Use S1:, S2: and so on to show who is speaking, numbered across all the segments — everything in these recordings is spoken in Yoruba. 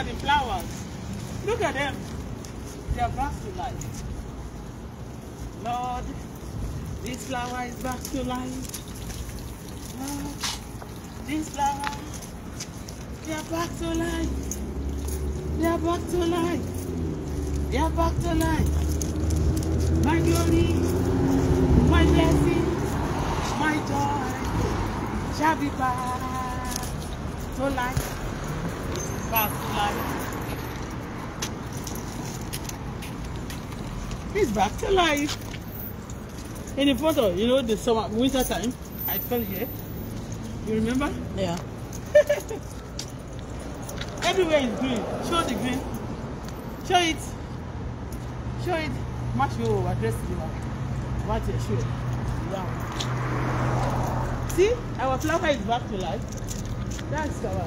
S1: at the flowers. Look at them. They are back to life. Lord, this flower is back to life. Lord, this flower, they are back to life. They are back to life. They are back to life. My glory, my blessing, my joy shall be back to life back to life. He's back to life. In the photo, you know, the summer, winter time, I fell here. You remember? Yeah. Everywhere is green. Show the green. Show it. Show it. Match your address. Watch your show. Yeah. See, our flower is back to life. That's our.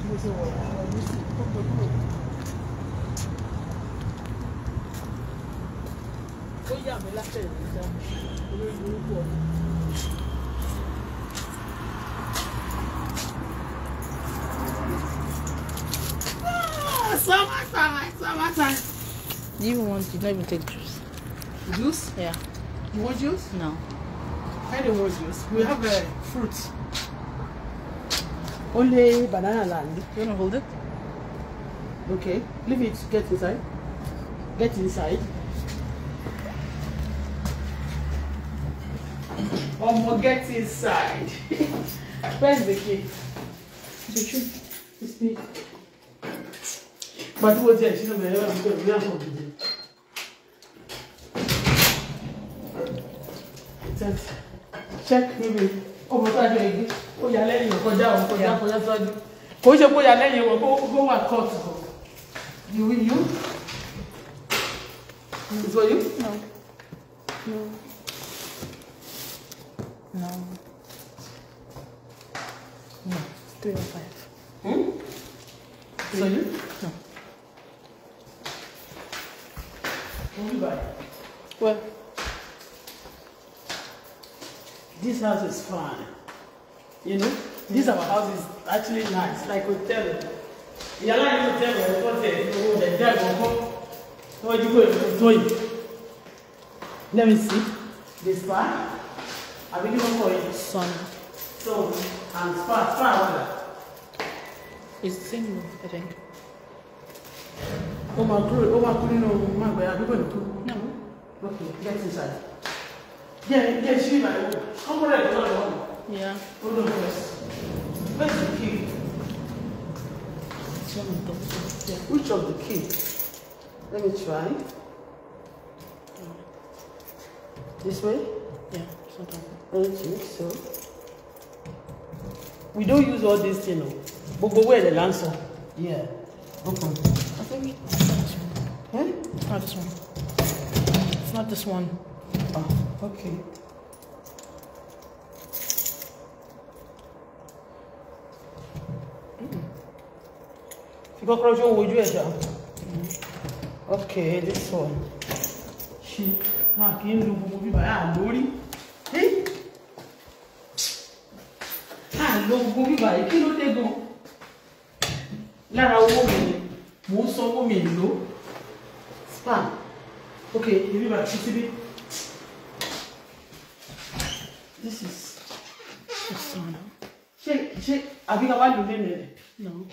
S1: ó yà mí látẹ̀ ìrìnsà olórí burúkú ọ̀hún. Do you want to not even take juice? Juice? Yeah. You want juice? No. I don't want juice. We have a uh, fruit. Only banana land. You wanna hold it? Okay. Leave it. Get inside. Get inside. Omo, get inside. Where's the key? The key. It's me. But what's here? She's not there. I'm going to do be Check, maybe ọmọ tó aṣọ ìgbé ó yà lẹ́yìn kọjá òun kọjá kọjá sọ́jú kò ṣe kó yà lẹ́yìn wọn kó wà kọ́ọ̀tù kọ̀ you will you it's for you. No. No. No. No. Three hmm? Well. this house is fine. You know, this our house is actually nice, like hotel. Yàrá yìí hotel rẹ̀ kọ́ tẹ̀ owó rẹ̀ dẹ́ àgbọ̀kọ́. Wọ́n jí kó èmi Let me see. This spa. Àbí kí wọ́n for yìí? Sun. So, and spa, spa wọ́dà. It's same? I think. Oh my God! Ó máa kúrò, ó my boy. nínú màgbẹ́ àdúgbò to? No. Okay, get inside. Yeah, yeah, she my woman. Come on, I'm not Yeah. Hold on first. Where's the key? Yeah. Which of the key? Let me try. Yeah. This way? Yeah, sometimes. not you, so. We don't use all this, you know. But, but where the lancer? Yeah. Okay. I think it's not this one. Huh? It's not this one. It's not this one. Oh. ok Fi kọ́kọ́rọ́ ṣó ń wojú ẹ̀ ṣá. Okay, this one. Ṣé máa kí ń lo gbogbo bíbá yà lórí? lo gbogbo bíbà yìí kí ló dé gan lára owó mi ni mò ń ok ìbíbà títí bí. This is Asana. Have you ever lived it? No.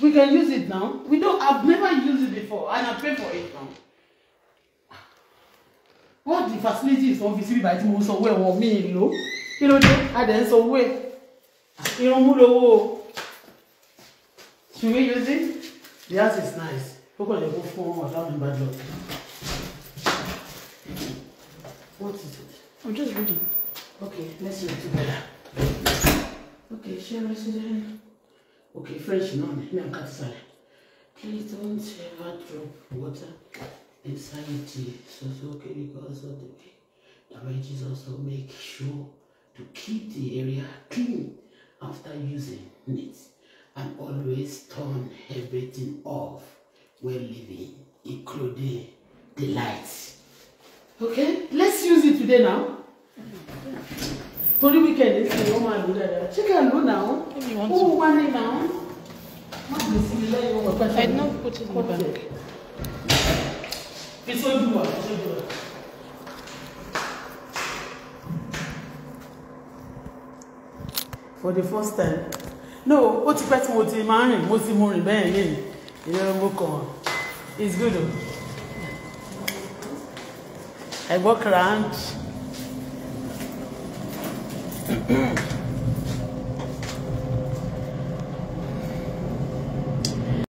S1: We can use it now. We don't. I've never used it before, and I pay for it now. What the facility is fi síbí báyìí tí mo sọ owó ẹ̀wọ̀n You know kí ló dé adẹ̀ ń sọ owó ẹ̀ irun mú lówó o. Should we use it? The house is nice. Ó kàn lè kó fún ọ̀dọ́ bad luck. What is it? I'm just reading. Okay, let's it together. Okay, share resident. Okay, French none. Me and Katsale. Please don't ever drop water inside the tea. So it's okay because of the damages also make sure to keep the area clean after using it and always turn everything off when leaving, including the lights. Okay, let's use it today now. Mm -hmm. torí wíkẹ̀ndì sí ni wọ́n máa lò dáadáa chicken ló nà ó owó wá ní nà ó má lè sí mi lẹ́yìn ọmọ pẹ́sẹ́. I no put it in the bag. Èso ìdúwà èso For the first time no ó ti pẹ́ tí mo ti máa ń rìn mo ti mo rìn bẹ́ẹ̀ yìí ìyẹn mo kàn it's good o. I walk around. Mm-hmm.